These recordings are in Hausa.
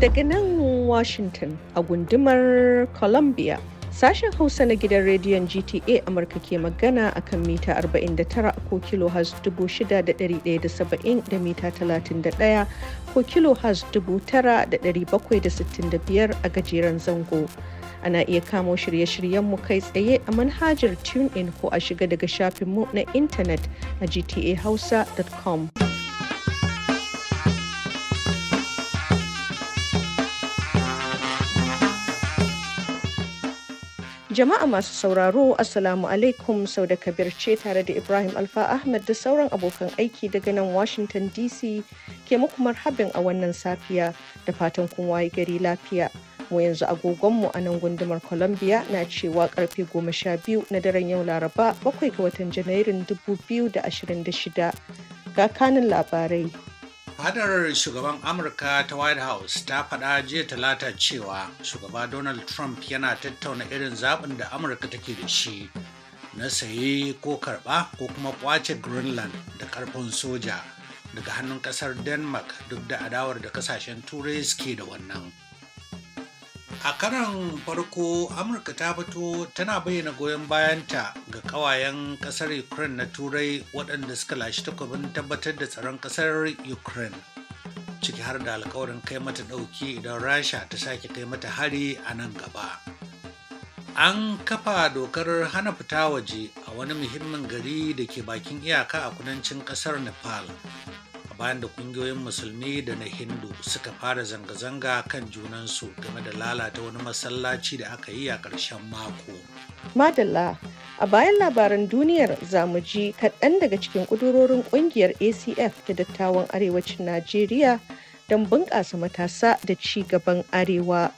Daga nan Washington a gundumar Columbia, sashen Hausa na gidan rediyon GTA Amurka ke magana a kan mita 49 ko kilohertz 6,170 da mita 31 ko kilohertz 9,765 a gajeren zango. ana iya kamo shirye-shiryenmu kai tsaye a manhajar TuneIn ko a shiga daga shafinmu na intanet a gtahausa.com. Jama'a masu sauraro, Assalamu alaikum sau da kabir ce tare da Ibrahim Alfa Ahmad da sauran abokan aiki daga nan Washington DC ke muku marhabin a wannan safiya da fatan kun waye gari lafiya. mu yanzu agogonmu a nan gundumar columbia na cewa karfe 12 na daren yau laraba 7 ga watan janairun 2026 ga kanin labarai hadar shugaban amurka ta white house ta faɗa jiya talata cewa shugaba donald trump yana tattauna irin zaɓin da amurka take da shi na saye ko karɓa ko kuma kwace greenland da karfin soja daga hannun ƙasar denmark duk da adawar da ƙasashen turai suke da wannan a karan farko amurka ta fito tana bayyana goyon bayanta ga kawayen kasar ukraine na turai waɗanda suka lashe takwabin tabbatar da tsaron kasar ukraine ciki har da alkawarin kai mata ɗauki idan rasha ta sake kai mata hari a nan gaba an kafa dokar hana fita waje a wani muhimmin gari da ke bakin iyaka a kudancin kasar nepal bayan da kungiyoyin musulmi da na hindu suka fara zanga-zanga kan junansu game da lalata wani masallaci da aka yi a ƙarshen mako. madalla a bayan labaran duniyar zamu ji kaɗan daga cikin ƙudurorin ƙungiyar acf da dattawan arewacin najeriya don bunƙasa matasa da ci gaban arewa.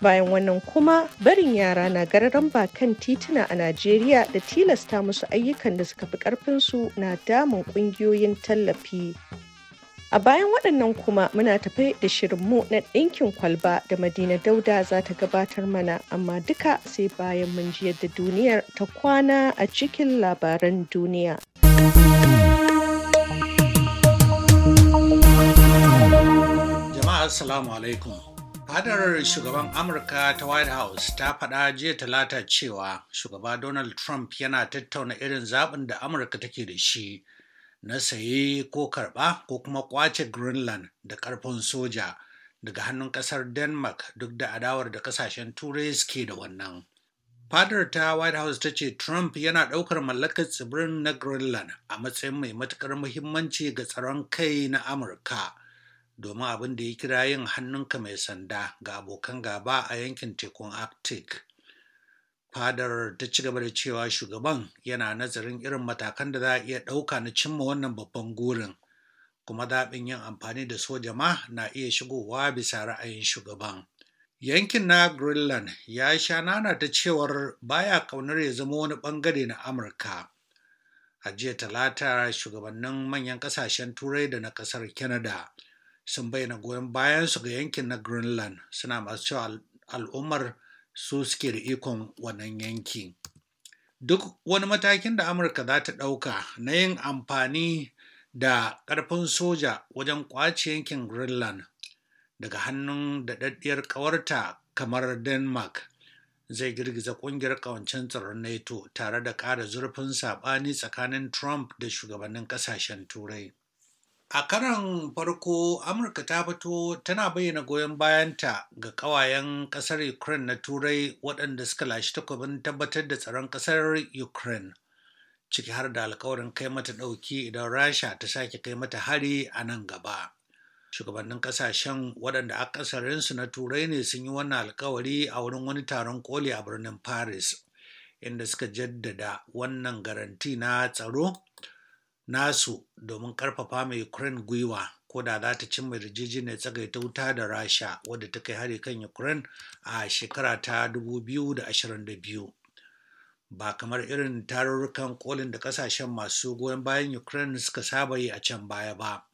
bayan wannan kuma barin yara na gararan bakan tituna a najeriya da tilasta musu ayyukan da suka fi karfinsu na damun kungiyoyin tallafi a bayan waɗannan kuma muna tafe da shirinmu na ɗinkin kwalba da madina dauda za ta gabatar mana amma duka sai bayan mun ji da duniyar ta kwana a cikin labaran duniya jama'a assalamu alaikum Fadar shugaban Amurka ta White House ta faɗa jiya talata cewa shugaba Donald Trump yana tattauna irin zaɓin da Amurka take da shi na saye ko karɓa ko kuma ƙwace Greenland da ƙarfin soja daga hannun ƙasar Denmark duk da adawar da ƙasashen Turai suke da wannan. Fadar ta White House ta ce Trump yana ɗaukar mallakar tsibirin na Greenland a matsayin mai matuƙar muhimmanci ga tsaron kai na Amurka. domin abin da ya kira yin hannunka mai sanda ga abokan gaba a yankin tekun arctic fadar ta ci gaba da cewa shugaban yana nazarin irin matakan da za a iya ɗauka na cimma wannan babban gurin kuma zaɓin yin amfani da soja ma na iya shigowa bisa ra'ayin shugaban yankin na greenland ya sha nana ta cewar baya ƙaunar ya zama wani ɓangare na amurka a jiya talata shugabannin manyan ƙasashen turai da na ƙasar canada sun bayyana goyon bayan su ga yankin na greenland suna masu cewa al'ummar su suke da ikon wannan yanki duk wani matakin da amurka za ta ɗauka na yin amfani da ƙarfin soja wajen ƙwace yankin greenland daga hannun daɗaɗɗiyar ƙawarta kamar denmark zai girgiza ƙungiyar ƙawancen tsaron nato tare da ƙara zurfin saɓani tsakanin trump da shugabannin ƙasashen turai A karan farko, Amurka ta fito tana bayyana goyon bayanta ga kawayen ƙasar Ukraine na Turai waɗanda suka lashe takwabin tabbatar da tsaron ƙasar Ukraine, ciki har da alkawarin kai mata ɗauki idan Rasha ta sake kai mata hari a nan gaba. Shugabannin ƙasashen waɗanda akasarinsu na Turai ne sun yi wannan alkawari a wurin wani taron koli a birnin Paris, inda suka jaddada wannan garanti na tsaro nasu domin karfafa mai Ukraine gwiwa ko da za ta cimma yarjejeniyar tsagaita wuta da Rasha wadda ta kai hari kan Ukraine a shekara ta 2022. Ba kamar irin tarurrukan kolin da kasashen masu goyon bayan Ukraine suka saba yi a can baya ba.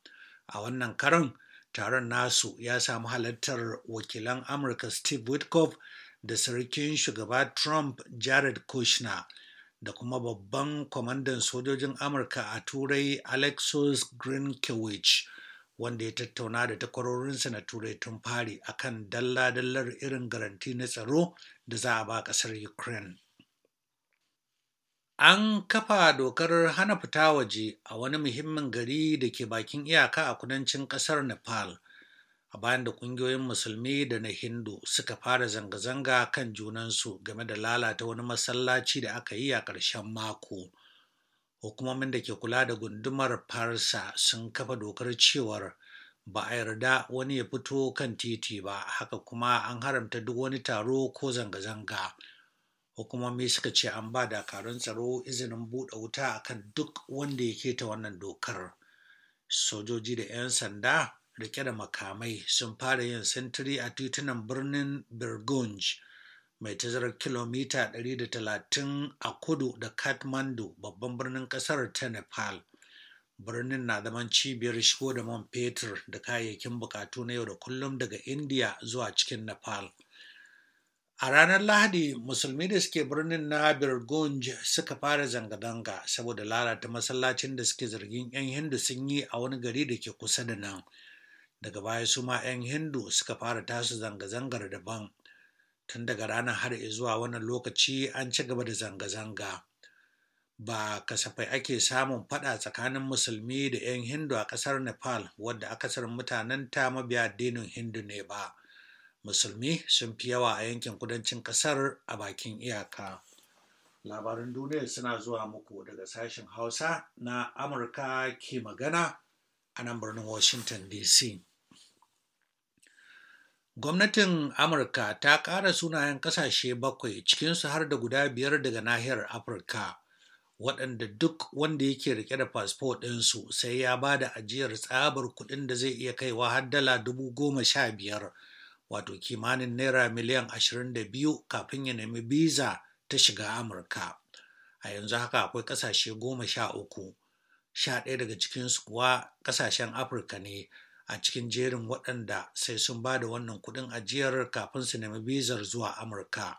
A wannan karan taron nasu ya samu halartar wakilan Amurka Steve Witkoff da sarkin shugaba Trump Jared Kushner da kuma babban kwamandan sojojin amurka a turai alexis grinkewich wanda ya tattauna da takwarorinsa na turai tun fari a kan dalla-dallar irin garanti na tsaro da za a ba kasar ukraine an kafa dokar hana fita waje a wani muhimmin gari da ke bakin iyaka a kudancin kasar nepal a bayan da ƙungiyoyin musulmi da na hindu suka fara zanga-zanga kan junansu game da lalata wani masallaci da aka yi a ƙarshen mako hukumomin da ke kula da gundumar farsa sun kafa dokar cewar ba a yarda wani ya fito kan titi ba haka kuma an haramta duk wani taro ko zanga-zanga hukumomi suka ce an ba dakarun tsaro izinin buɗe wuta akan duk wanda ya keta wannan dokar sojoji da 'yan sanda rike da makamai sun fara yin sintiri a titunan birnin Burgunj mai tazarar kilomita 130 a kudu da Kathmandu babban birnin kasar ta Nepal. Birnin na zaman cibiyar shigo da man fetur da kayayyakin bukatu na yau da kullum daga India zuwa cikin Nepal. A ranar Lahadi, musulmi da suke birnin na Birgunj suka fara zanga-zanga saboda lalata masallacin da suke zargin 'yan Hindu sun yi a wani gari da ke kusa da nan. daga baya su ma 'yan hindu suka fara tasu zanga-zangar daban tun daga ranar har zuwa wannan lokaci an ci gaba da zanga-zanga ba kasafai ake samun fada tsakanin musulmi da 'yan hindu a kasar nepal wadda akasarin mutanen ta mabiya addinin hindu ne ba musulmi sun fi yawa a yankin kudancin kasar a bakin iyaka Labarin duniya suna zuwa muku daga sashen hausa na amurka ke magana a nan birnin Washington DC. Gwamnatin Amurka ta ƙara sunayen ƙasashe bakwai cikinsu har da guda biyar daga nahiyar Afirka, waɗanda duk wanda yake rike da fasfo ɗinsu sai ya ba da ajiyar tsabar kuɗin da zai iya kaiwa har dala dubu goma sha biyar, wato kimanin naira miliyan ashirin da biyu kafin ya nemi biza ta shiga Amurka. A yanzu haka akwai ƙasashe goma sha uku. sha ɗaya daga cikinsu kuwa ƙasashen afirka ne a cikin jerin waɗanda sai sun ba da wannan kuɗin ajiyar kafin su nemi bizar zuwa amurka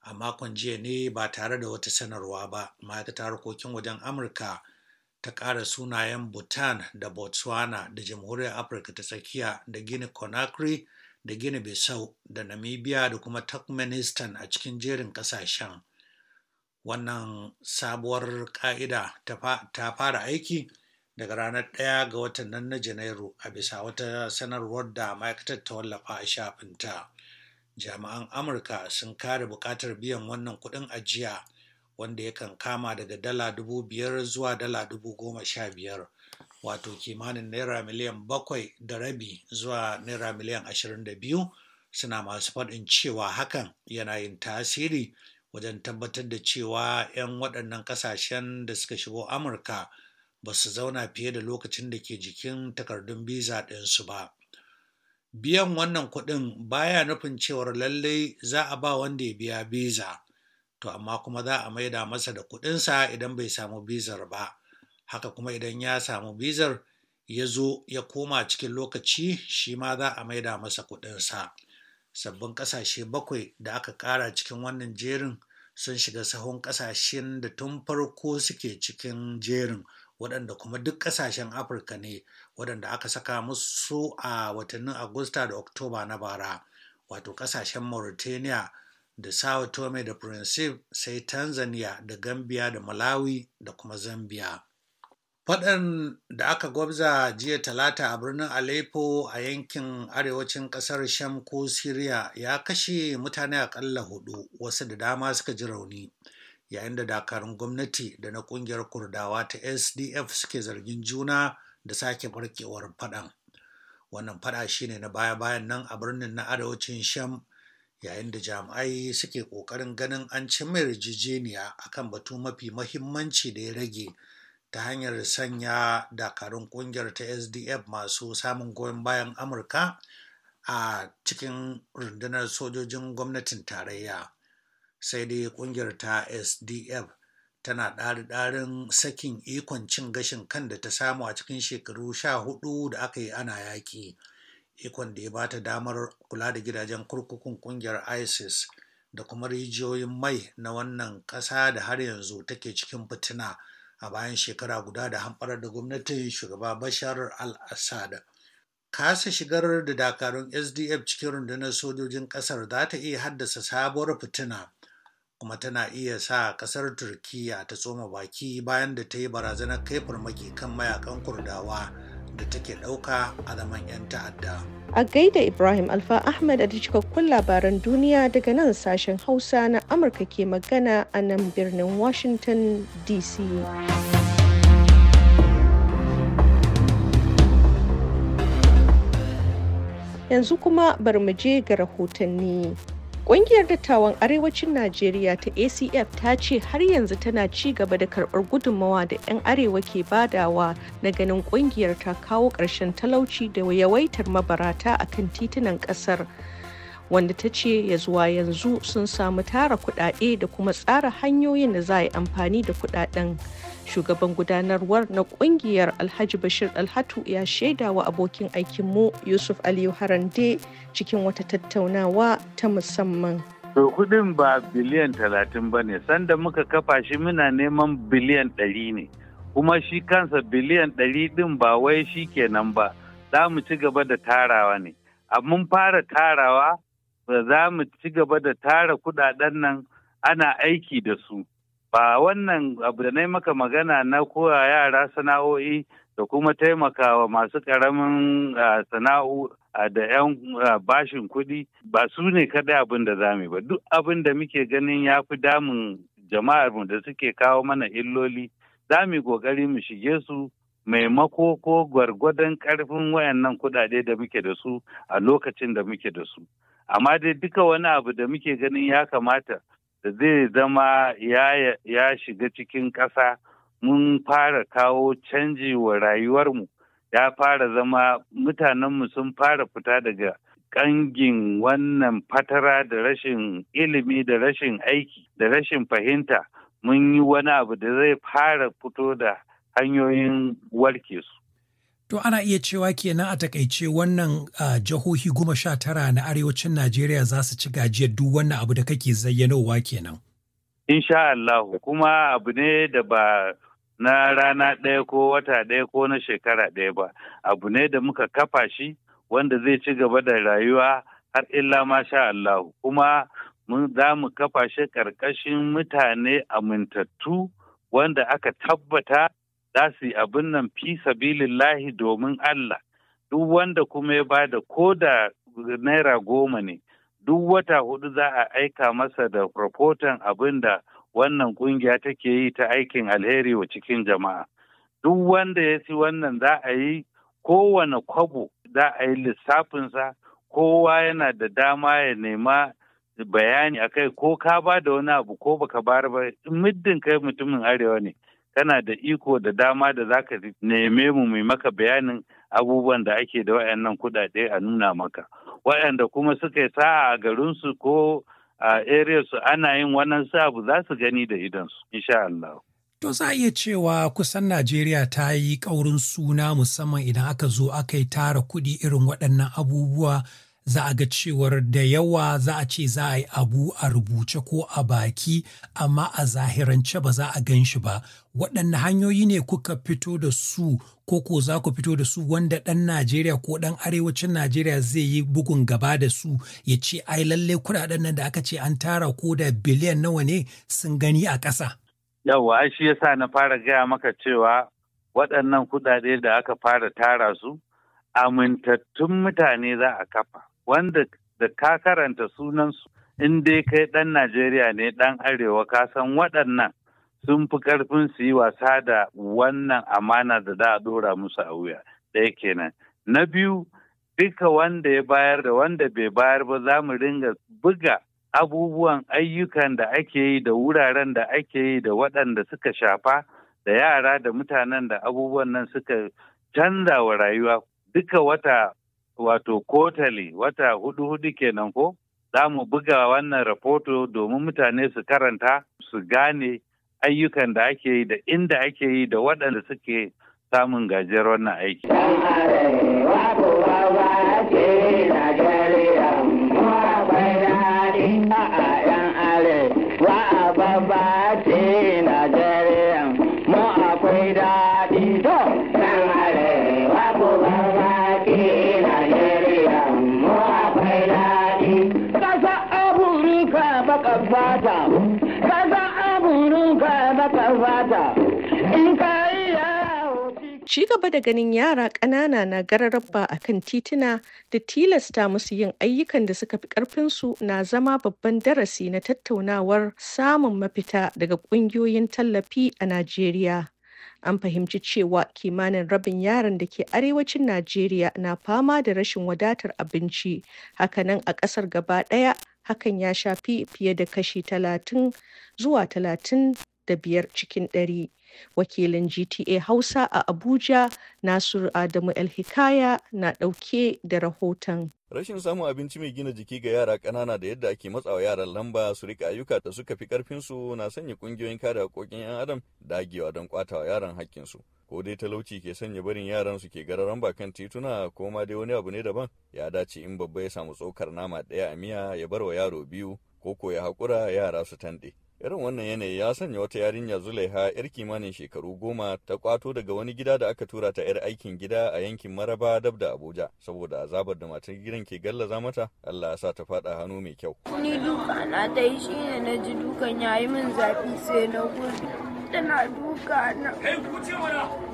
a makon jiya ne ba tare da wata sanarwa ba ma'aikatar harkokin wajen amurka ta ƙara sunayen bhutan da botswana da jamhuriyar afirka ta tsakiya da gini conakry da gini bissau da namibia da kuma turkmenistan a cikin jerin ƙasashen wannan sabuwar ƙa'ida ta fara aiki daga ranar ɗaya ga watan nan na janairu a bisa wata sanarwar da ma'aikatar ta wallafa a shafinta jami'an amurka sun kare buƙatar biyan wannan kuɗin ajiya wanda ya kan kama daga dala dubu biyar zuwa dala dubu goma sha biyar wato kimanin naira miliyan bakwai da rabi zuwa naira miliyan ashirin da biyu suna masu faɗin cewa hakan yana yin tasiri wajen tabbatar da cewa 'yan waɗannan ƙasashen da suka shigo amurka ba su zauna fiye da lokacin da ke jikin takardun biza ɗinsu ba biyan wannan kuɗin baya nufin cewar lallai za a ba wanda ya biya biza to amma kuma za a maida masa da kuɗinsa idan bai samu bizar ba haka kuma idan ya samu bizar ya zo ya koma cikin lokaci shi ma za a maida masa kuɗinsa. sabbin kasashe bakwai da aka kara cikin wannan jerin sun shiga sahun kasashen da tun farko suke cikin jerin waɗanda kuma duk ƙasashen afirka ne waɗanda aka saka musu a watannin agusta da oktoba na bara wato kasashen mauritania da sao tome da principe sai tanzania da gambia da malawi da kuma zambia Faɗan da aka gwabza jiya talata a birnin Aleppo a yankin arewacin ƙasar Sham ko Siriya ya kashe mutane aƙalla hudu wasu da dama suka ji rauni yayin da dakarun gwamnati da na ƙungiyar Kurdawa ta SDF suke zargin juna da sake barkewar faɗan. Wannan faɗa shine na baya-bayan nan a birnin na arewacin Sham yayin da jami'ai suke ƙoƙarin ganin an ci mai yarjejeniya akan batu mafi muhimmanci da ya rage ta hanyar sanya dakarun kungiyar ta sdf masu samun goyon bayan amurka a cikin rundunar sojojin gwamnatin tarayya sai dai kungiyar ta sdf tana ɗari-ɗarin sakin ikon cin gashin kan da ta samu a cikin shekaru sha hudu da aka yi ana yaƙi ikon da ya ba ta damar kula da gidajen kurkukun kungiyar isis da kuma rijiyoyin mai na wannan ƙasa da har yanzu take cikin fitina a bayan shekara guda da hamɓarar da gwamnatin shugaba bashar al-assad kasa shigar da dakarun sdf cikin rundunar sojojin ƙasar za ta iya haddasa sabuwar fitina kuma tana iya sa ƙasar turkiya ta tsoma baki bayan da ta yi barazanar kai farmaki kan mayakan kurdawa da take ɗauka a zaman 'yan ta'adda. A gaida Ibrahim Alfa Ahmed a cikakkun labaran duniya daga nan sashen Hausa na Amurka ke magana a nan birnin Washington DC. Yanzu kuma bari mu je ga rahotanni. Ƙungiyar dattawan Arewacin Najeriya ta ACF ta ce har yanzu tana ci gaba da karɓar gudunmawa da 'yan Arewa ke badawa na ganin ƙungiyar ta kawo ƙarshen talauci da yawaitar mabarata a kan titunan ƙasar. Wanda ta ce ya zuwa yanzu sun samu tara kuɗaɗe da kuma tsara hanyoyin da za a yi amfani da kuɗaɗen. shugaban gudanarwar na kungiyar alhaji bashir alhatu ya shaida wa abokin aikinmu yusuf aliyu harande cikin wata tattaunawa ta musamman to kudin ba biliyan talatin ba ne sanda muka kafa shi muna neman biliyan ɗari ne kuma shi kansa biliyan ɗari ɗin ba wai shi kenan ba za mu ci gaba da tarawa ne mun fara tarawa za mu ci gaba da tara kudaden nan ana aiki da su ba wannan abu da na maka magana na koya yara sana'o'i da kuma taimakawa masu karamin sana'u da 'yan bashin kuɗi ba su ne kaɗai abin da za mu ba duk abin da muke ganin ya fi damun jama'ar mu da suke kawo mana illoli za mu kokari mu shige su maimako ko gwargwadon karfin wayannan kuɗaɗe da muke da su a lokacin da muke da su amma dai duka wani abu da muke ganin ya kamata Da zai zama ya shiga cikin ƙasa mun fara kawo canji wa rayuwarmu ya fara zama mutanenmu sun fara fita daga ƙangin wannan fatara da rashin ilimi da rashin aiki da rashin fahimta mun yi wani abu da zai fara fito da hanyoyin warke su. To ana iya cewa kenan a takaice wannan jihohi goma sha tara na arewacin Najeriya za su ci gajiyar duk wannan abu da kake zayyanowa kenan. Insha Allah kuma abu ne da ba na rana ɗaya ko wata ɗaya ko na shekara ɗaya ba abu ne da muka kafa shi wanda zai ci gaba da rayuwa har illa ma sha Allah kuma za mu kafa shi ƙarƙashin mutane amintattu wanda aka tabbata za su yi abin nan fi sabilillahi domin Allah duk wanda kuma ya bada ko da naira goma ne duk wata hudu za a aika masa da rahoton abin da wannan kungiya take yi ta aikin alheri wa cikin jama'a duk wanda ya ci wannan za a yi kowane kwabo za a yi lissafinsa kowa yana da dama ya nema bayani akai ko ka ba da wani abu ko baka bar ba muddin kai mutumin arewa ne kana da iko da dama da za ka neme mu mai maka bayanin abubuwan da ake da wayannan kuɗaɗe a nuna maka wayanda kuma suka sa a garinsu ko a su ana yin wannan sabu za su gani da idansu insha Allah. To za iya cewa kusan Najeriya ta yi ƙaurin suna musamman idan aka zo aka yi tara kuɗi irin waɗannan abubuwa za a ga cewar da yawa za a ce za a yi abu a rubuce ko a baki amma a zahirance ba za a gan shi ba waɗanne hanyoyi ne kuka fito da su ko ko za ku fito da su wanda ɗan najeriya ko ɗan arewacin najeriya zai yi bugun gaba da su ya ce ai lalle kuɗaɗen nan da aka ce an tara ko da biliyan nawa ne sun gani a ƙasa yawwa ai shi yasa na fara gaya maka cewa waɗannan kuɗaɗe da aka fara tara su amintattun mutane za a kafa wanda da ka karanta sunansu in dai kai ɗan Najeriya ne ɗan Arewa ka san waɗannan sun fi ƙarfin su yi wasa da wannan amana da za a ɗora musu a wuya ɗaya kenan. Na biyu duka wanda ya bayar da wanda bai bayar ba za mu ringa buga abubuwan ayyukan da ake yi da wuraren da ake yi da waɗanda suka shafa da yara da mutanen da abubuwan nan suka canza wa rayuwa duka wata wato kotali wata hudu hudu kenan ko za mu buga wannan rahoto domin mutane su karanta su gane ayyukan da ake yi da inda ake yi da waɗanda suke samun gajiyar wannan aiki. gaba da ganin yara ƙanana na gararraba a kan tituna da tilasta musu yin ayyukan da suka fi ƙarfinsu na zama babban darasi na tattaunawar samun mafita daga ƙungiyoyin tallafi a Najeriya. An fahimci cewa kimanin rabin yaran da ke arewacin Najeriya na fama da rashin wadatar abinci, hakanan a ƙasar gaba ɗaya hakan ya shafi fiye da kashi talatin zuwa talatin da biyar cikin ɗari. wakilin gta hausa a abuja nasur adamu el-hikaya na ɗauke da rahoton rashin samun abinci mai gina jiki ga yara ƙanana da yadda ake matsawa yaran lamba su rika ayyuka da suka fi ƙarfinsu na sanya ƙungiyoyin kare haƙoƙin 'yan adam dagewa don ƙwatawa yaran haƙƙinsu ko dai talauci ke sanya barin yaran su ke gararan ba kan tituna ko ma dai wani abu ne daban ya dace in babba ya samu tsokar nama ɗaya a miya ya bar wa yaro biyu ko ko ya haƙura yara su tanɗe Irin wannan yanayi ya sanya wata yarinya Zulaiha yar kimanin shekaru goma ta kwato daga wani gida da aka tura ta yar aikin gida a yankin Maraba dab da Abuja saboda azabar da matar gidan ke gallaza mata Allah ya sa ta fada hannu mai kyau. Ni duka na ta yi shine na ji dukan yayi min zafi sai na gudu. tana duka na.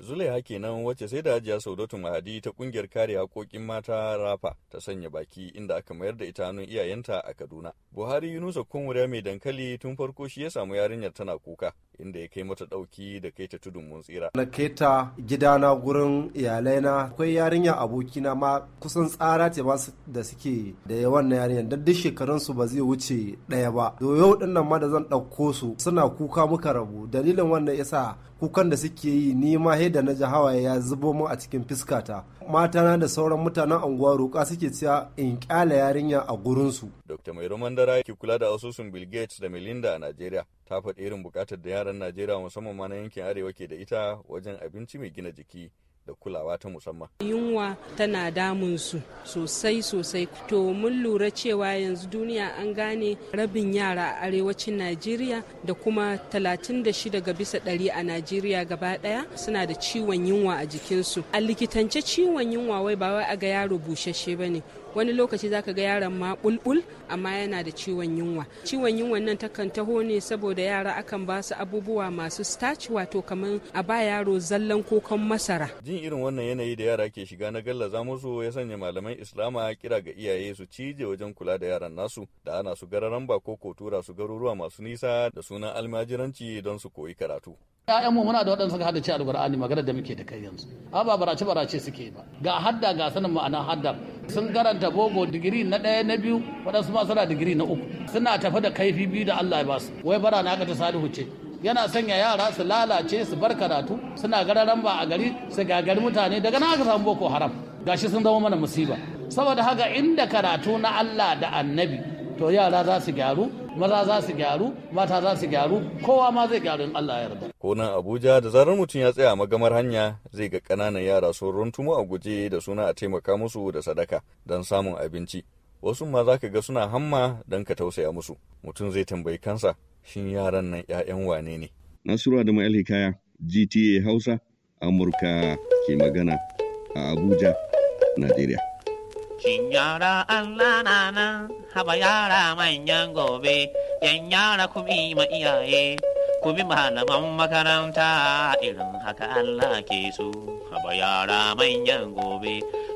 Zulaiha kenan wacce sai da Hajiya Saudatu Mahadi ta kungiyar kare haƙoƙin mata Rafa ta sanya baki inda aka mayar da ita hannun iyayenta a Kaduna. Buhari Yunusa Kunwura mai dankali tun farko shi ya samu yarinyar tana kuka inda ya kai mata ɗauki da kai ta tudun mun tsira. Na kai ta gidana gurin iyalaina akwai yarinya abokina ma kusan tsara ce masu da suke da yawan na yarinyar da duk shekarunsu ba zai wuce ɗaya ba. do yau ɗin nan ma da zan ɗauko su suna kuka muka rabu dalilin irin wannan yasa kukan da suke yi ni ma da na ji hawaye ya zubo mu a cikin fiskata matana da sauran mutanen anguwa roƙa suke cewa in ƙyale yarinya a gurinsu. Dr. Mai dara ke kula da asusun Bill Gates da Melinda a Najeriya ta faɗi irin buƙatar da yaran Najeriya musamman ma na yankin arewa ke da ita wajen abinci mai gina jiki da kulawa ta musamman. Yunwa tana damun su sosai sosai to mun lura cewa yanzu duniya an gane rabin yara a arewacin Najeriya da kuma 36 ga bisa ɗari a Najeriya gaba ɗaya suna da ciwon yunwa a jikinsu. A likitance ciwon yunwa wai ba wai a ga yaro bushashe ba ne wani lokaci zaka ga yaron ma bulbul amma yana da ciwon yunwa ciwon yunwan nan takan taho ne saboda yara akan ba su abubuwa masu starch wato kamar a ba yaro zallan kokon masara jin irin wannan yanayi da yara ke shiga na gallaza musu ya sanya malaman islama kira ga iyaye su cije wajen kula da yaran nasu da ana su gararan ba ko ko tura su garuruwa masu nisa da sunan almajiranci don su koyi karatu ya'yanmu muna da waɗanda suka haddace alƙur'ani magana da muke da kai yanzu a ba barace barace suke ba ga hadda ga sanin ma'ana haddar sun karanta bogo digiri na ɗaya na biyu waɗansu ma suna digiri na uku suna tafi da kaifi biyu da Allah ya basu wai bara na ka ta salihu ce yana sanya yara su lalace su bar karatu suna gararan ba a gari su gagari mutane daga na aka samu boko haram gashi sun zama mana musiba saboda haka inda karatu na Allah da annabi to yara za su gyaru maza za su gyaru mata za su gyaru kowa ma zai gyaru in Allah ya yarda ko nan Abuja da zarar mutum ya tsaya magamar hanya zai ga ƙananan yara sun runtumo a guje da suna a taimaka musu da sadaka don samun abinci wasu ma za ka ga suna hamma don ka tausaya musu mutum zai tambayi kansa shin yaran nan 'ya'yan wane ne Nasiru Adamu Alhikaya GTA Hausa Amurka ke magana a Abuja Najeriya Shin yara Allah na nan haba yara gobe, yan yara ma iyaye, ku bi makaranta irin haka Allah ke so. Haba yara be,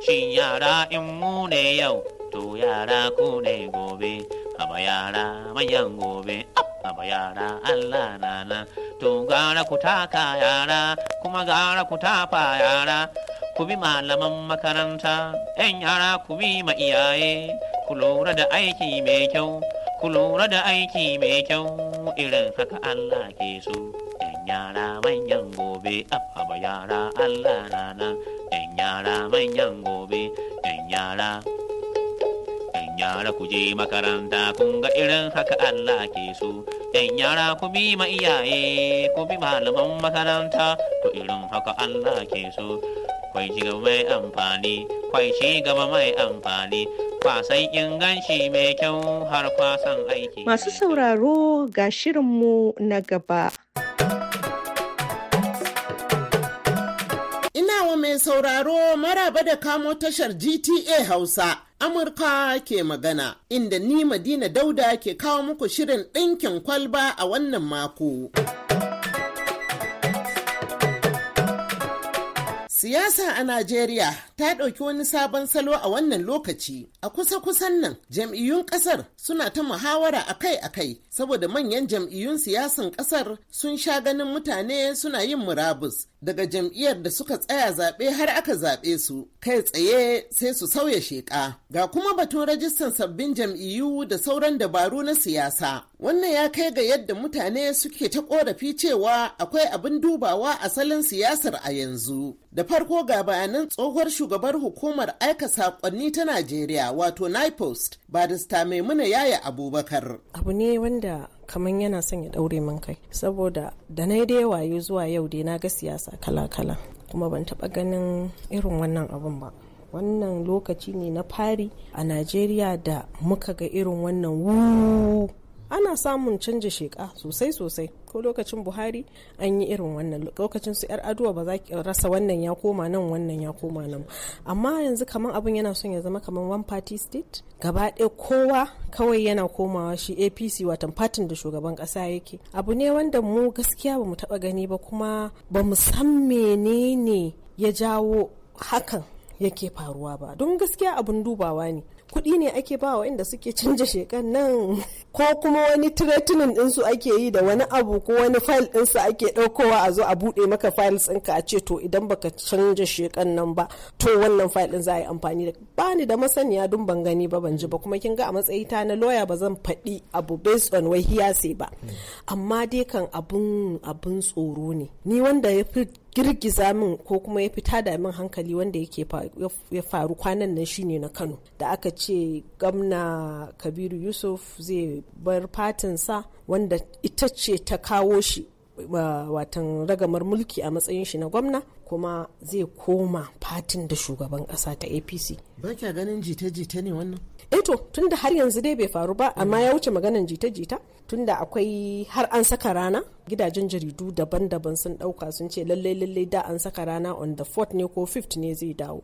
shinyara yara in mu ne yau, to yara ku ne gobe, haba yara manyan gobe. Allah na to gara ku taka yara, kuma gara ku tafa yara. ku bi malaman makaranta, ‘yan yara ku bi ma iyaye, ku lura da aiki mai kyau, ku lura da aiki mai kyau, irin haka Allah ke so. ‘Yan yara manyan gobe, abba yara Allah nana, ‘yan yara manyan gobe, ‘yan yara. ‘Yan yara ku je makaranta, kun ga irin haka Allah ke so. ‘Yan yara ku bi ma iyaye, ku bi malaman makaranta, to irin haka Allah ke so. kwai ci mai amfani kwai ci mai amfani mai kyau har kwasan aiki masu sauraro ga shirinmu na gaba ina wa mai sauraro maraba da kamo tashar gta hausa Amurka ke magana inda ni Madina Dauda ke kawo muku shirin ɗinkin kwalba a wannan mako. Siyasa a Najeriya ta ɗauki wani sabon salo a wannan lokaci. A kusa-kusan nan jam'iyyun ƙasar suna ta muhawara akai-akai saboda manyan jam'iyyun siyasan ƙasar sun sha ganin mutane suna yin murabus daga jam'iyyar da suka tsaya zaɓe har aka zaɓe su kai tsaye sai su sauya sheƙa. Ga kuma batun rajistan sabbin jam'iyyu da sauran dabaru na siyasa. Wannan ya kai ga yadda mutane suke ta ƙorafi cewa akwai abin dubawa a salon siyasar a yanzu. Da farko ga bayanan tsohuwar shugabar hukumar aika sakonni ta Najeriya wato NIPOST barista Maimuna Yaya Abubakar. Abu ne wanda kamar yana son ya daure min kai saboda da na dai wayo zuwa yau dai na ga siyasa kala-kala kuma ban taba ganin irin wannan abun ba. Wannan lokaci ne na fari a Najeriya da muka ga irin wannan wuu ana samun canja sheka sosai sosai ko lokacin buhari an yi irin wannan lokacin su yar aduwa ba za ki rasa wannan ya koma nan wannan ya koma nan amma yanzu kaman abin yana son ya zama kaman one party state gaba ɗaya kowa kawai yana komawa shi apc watan fatin da shugaban ƙasa yake abu ne wanda mu gaskiya bamu taba taɓa gani ba kuma bamu mu san menene ya jawo hakan yake faruwa ba don gaskiya abin dubawa ne kuɗi ne ake ba wa inda suke canja shekan nan ko kuma wani tretinin ɗinsu ake yi da wani abu ko wani fayil ɗinsu ake ɗaukowa a zo a buɗe maka fayil ɗinka a ce to idan baka canja shekan nan ba to wannan fayil ɗin za a yi amfani da ba ni da masaniya dun ban gani ba ban ji ba kuma kin ga a matsayi ta na lawyer ba zan faɗi abu based on wai hiyase ba hmm. amma dai kan abun abun tsoro ne ni wanda ya fi girgiza min ko kuma ya fita da min hankali wanda yake ya faru kwanan nan shine na kano da aka ce gamna kabiru yusuf zai bar fatinsa wanda ita ce ta kawo shi watan ragamar mulki a matsayin shi na gwamna kuma zai koma fatin da shugaban kasa ta apc ba ganin jita-jita ne wannan eto eh tunda har yanzu dai bai faru ba amma ya wuce maganan jita-jita tunda akwai har an saka rana gidajen jaridu daban-daban sun dauka sun ce lallai lallai da an saka rana on the fourth ne ko fifth ne zai dawo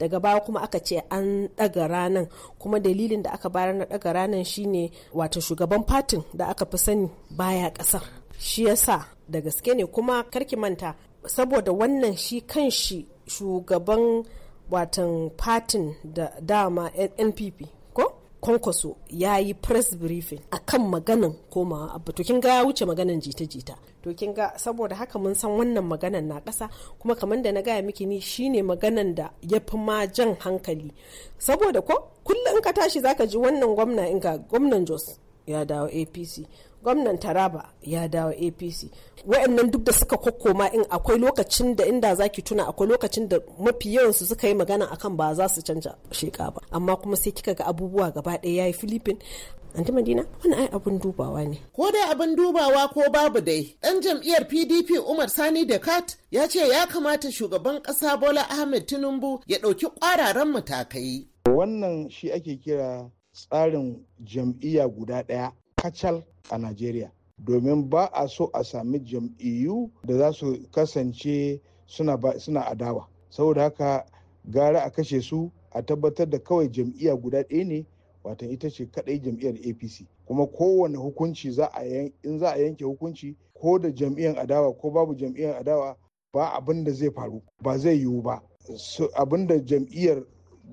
daga baya kuma aka ce an daga ranan kuma dalilin da aka bayar na daga ranan shine wato shugaban fatin da aka fi sani baya kasar shi yasa da gaske ne kuma karki manta saboda wannan shi kan shi shugaban watan fatin da dama npp kwankwaso ya yi press briefing a kan maganan komawa abu to kin ga ya wuce maganan jita-jita to kin ga saboda haka mun san wannan maganan na ƙasa kuma kamar da na gaya miki ni shine maganan da ya fi ma jan hankali saboda ko kullum ka tashi zaka ji wannan gwamna in ga gwamnan jos ya dawo apc gwamnan taraba ya dawo apc wa'annan duk da suka kokoma in akwai lokacin da inda zaki tuna akwai lokacin da mafi yawansu suka yi magana akan ba za su canja sheka ba amma kuma sai kika ga abubuwa gaba ɗaya ya yi filipin anti madina wani ai abin dubawa ne ko dai abin dubawa ko babu dai dan jam'iyyar pdp umar sani dekat ya ce ya kamata shugaban ƙasa bola ahmed tinubu ya ɗauki ƙwararan matakai wannan shi ake kira tsarin jam'iyya guda ɗaya kacal a Najeriya. Domin ba a so a sami jam'iyyu da za su kasance suna adawa. Saboda haka gara a kashe su a tabbatar da kawai jam'iyya guda ɗaya ne watan ita ce kaɗai jam'iyyar APC. Kuma kowane hukunci in za a yanke hukunci ko da jam'iyyar adawa ko babu jam'iyyar adawa ba abin da zai faru ba zai yiwu ba. Abin da jam'iyyar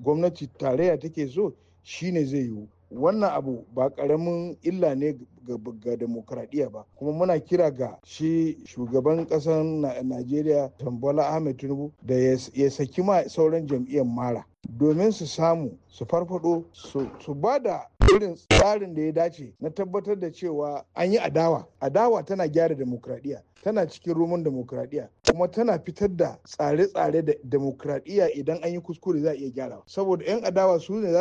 gwamnati tarayya take so shine zai yiwu wannan abu ba karamin illa ne ga demokradiyya ba kuma muna kira ga shi shugaban ƙasar najeriya tambola ahmed tinubu da ya saki ma sauran jam'iyyar mara domin su samu su farfado su ba da irin tsarin da ya dace na tabbatar da cewa an yi adawa adawa tana gyara demokradiyya tana cikin rumun demokradiyya kuma tana fitar da tsare-tsare da demokradiyya idan an yi kuskure za a iya gyara saboda 'yan adawa su ne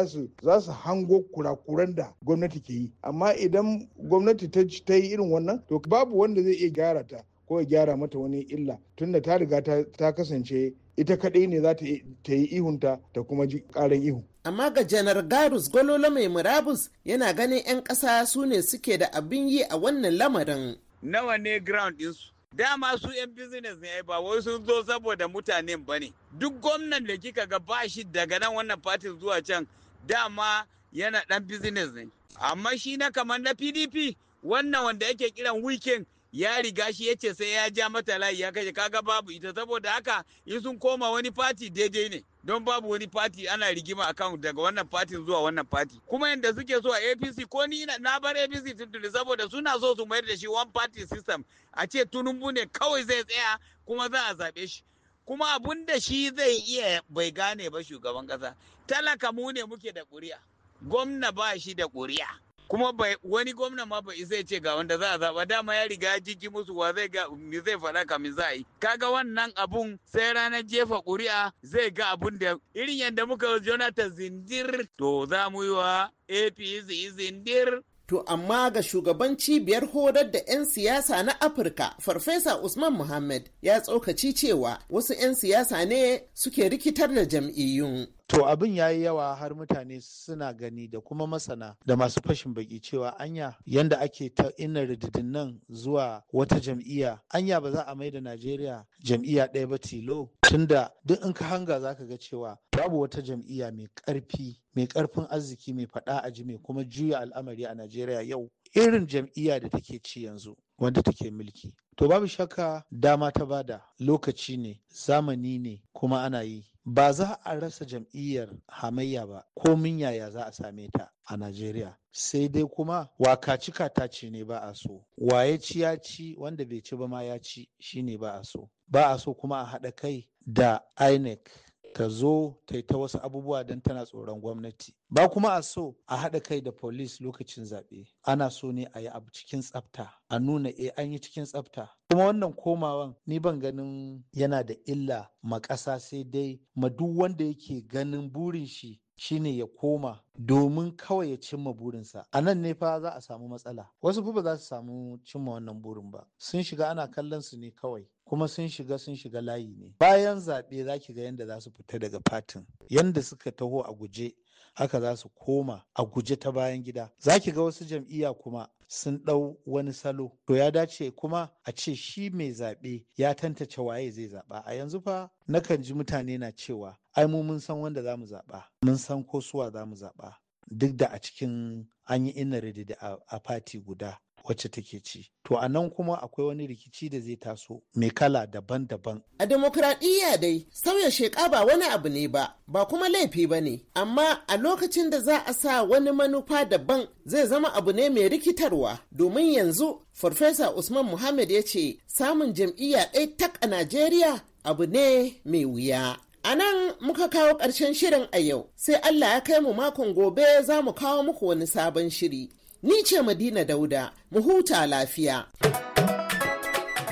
za su hango kurakuran da gwamnati ke yi amma idan gwamnati ta yi irin wannan to babu wanda zai iya gyara ta ko ya gyara mata wani illa tunda ta riga ta kasance ita kaɗai ne za ta yi ihunta ta kuma ji ƙarin ihu amma ga janar garus gololo mai murabus yana ganin 'yan ƙasa su ne suke da abin yi a wannan lamarin nawa ne ground ɗinsu dama su 'yan business ne ba wai sun zo saboda mutanen ba ne duk gwamnan da kika ga ba shi daga nan wannan fatin zuwa can dama yana dan business ne amma shi na kamar na pdp wannan wanda yake kiran weekend ya riga shi ya ce sai ya ja mata layi ya kashe kaga babu ita saboda haka in sun koma wani fati daidai ne don babu wani fati ana rigima akan daga wannan fatin zuwa wannan fati kuma yadda suke so a apc ko ni na bar apc tuntuni saboda suna so su mayar da shi one party system a ce tunumbu ne kawai zai tsaya kuma za a zaɓe shi kuma abun da shi zai iya bai gane ba shugaban ƙasa talaka mu ne muke da ƙuri'a gwamna ba shi da ƙuri'a kuma wani gwamna ma bai zai ce ga wanda za a zaba dama ya riga jiki musu wa zai ga mi zai faɗa kamin za a yi kaga wannan abun sai ranar jefa ƙuri'a zai ga abun da irin yadda muka yi jonathan zindir to za mu yi wa apc zindir To amma ga shugaban cibiyar hodar da 'yan siyasa na Afirka, Farfesa Usman Muhammad ya tsokaci cewa wasu 'yan siyasa ne suke rikitar da jam'iyyun. To abin ya yi yawa har mutane suna gani da kuma masana da masu fashin baki cewa anya yanda ake ta ina rididin nan zuwa wata jam'iyya anya ba za a maida Najeriya jam'iyya ɗaya ba tilo tunda duk in ka hanga za ka ga cewa babu wata jam'iyya mai ƙarfi mai ƙarfin arziki mai faɗa a ji kuma juya al'amari a Najeriya yau irin jam'iyya da take ci yanzu wanda take mulki. To babu shakka dama ta bada lokaci ne zamani ne kuma ana yi ba za a rasa jam'iyyar hamayya ba ko yaya za a same ta a najeriya sai dai kuma wakaci ce ne ba a so ya ci ya ci wanda bai ci ba ma ya ci shine ba a so ba a so kuma a haɗa kai da inec ta zo ta ta wasu abubuwa don tana tsoron gwamnati ba kuma a so a haɗa kai da polis lokacin zaɓe ana so ne a yi abu cikin tsafta a nuna e an yi cikin tsafta kuma wannan komawan ni ban ganin yana da illa ma ƙasa sai dai ma duk wanda yake ganin burin shi shine ya koma domin kawai ya cimma burinsa a nan ne fa za a samu matsala wasu fa ba za su samu cimma wannan burin ba sun shiga ana kallon su ne kawai kuma sun shiga sun shiga layi ne bayan zaɓe za ki ga yadda za su fita daga fatin yadda suka taho a guje haka za su koma a guje ta bayan gida za ki ga wasu jam'iyya kuma sun ɗau wani salo to ya dace kuma a ce shi mai zaɓe ya tantace waye zai zaɓa a yanzu fa nakan ji mutane na cewa ai mu mun san wanda za mu zaɓa mun san ko suwa za mu zaɓa duk da a cikin an yi inaridi a fati guda wacce take ci. To a nan kuma akwai wani rikici da zai taso mai kala daban-daban. A demokradiyya dai sauya sheƙa ba wani abu ne ba, ba kuma laifi ba ne, amma a lokacin da za a sa wani manufa daban zai zama abu ne mai rikitarwa domin yanzu Farfesa Usman Muhammad ya ce samun jam'iyya ɗaya tak a Najeriya abu ne mai wuya. A nan muka kawo ƙarshen shirin a yau, sai Allah ya kai mu makon gobe za mu kawo muku wani sabon shiri. Ni ce Madina Dauda, mu huta lafiya.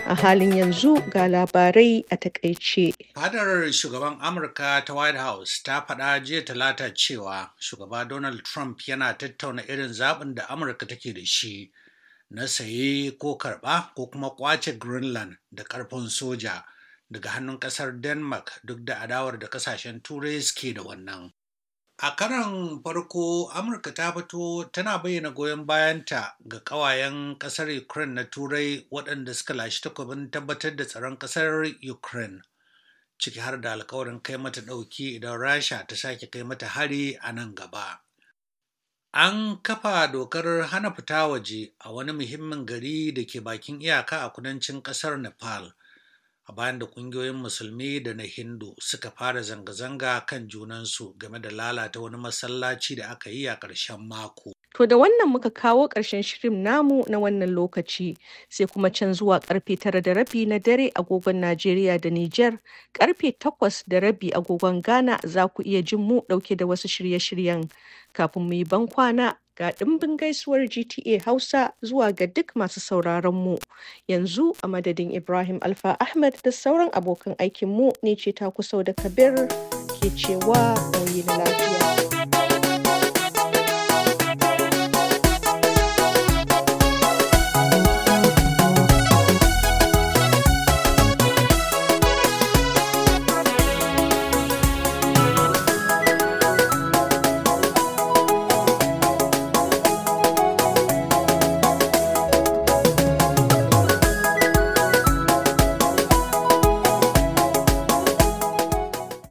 A halin yanzu ga labarai a takaice. Hadar shugaban Amurka ta White House ta faɗa jiya talata cewa shugaba Donald Trump yana tattauna irin zaɓin da Amurka take da shi na saye ko karɓa ko kuma ƙwace Greenland da ƙarfin soja daga hannun ƙasar Denmark duk da adawar da ƙasashen Turai suke da wannan. A karan farko, Amurka ta fito tana bayyana goyon bayanta ga ƙawayen ƙasar Ukraine na Turai waɗanda suka lashe takobin tabbatar da tsaron ƙasar Ukraine, ciki har da alkawarin kai mata ɗauki idan Rasha ta sake kai mata hari a nan gaba. An kafa dokar hana fita waje a wani muhimmin gari da ke bakin iyaka a kudancin kasar Nepal, a bayan da kungiyoyin musulmi da na hindu suka fara zanga-zanga kan junansu game da lalata wani masallaci da aka yi a ƙarshen mako. To da wannan muka kawo ƙarshen shirin namu na wannan lokaci sai kuma can zuwa ƙarfe tara da rabi na dare agogon Najeriya da Nijar, ƙarfe takwas da rabi agogon Ghana za ku iya jin mu ɗauke da wasu shirye-shiryen. Kafin mu yi ban kwana Ga ɗimbin gaisuwar GTA Hausa zuwa ga duk masu mu Yanzu a madadin Ibrahim Alfa Ahmed da sauran abokan aikinmu ne ce ta kusa da Kabir ke cewa na lafiya.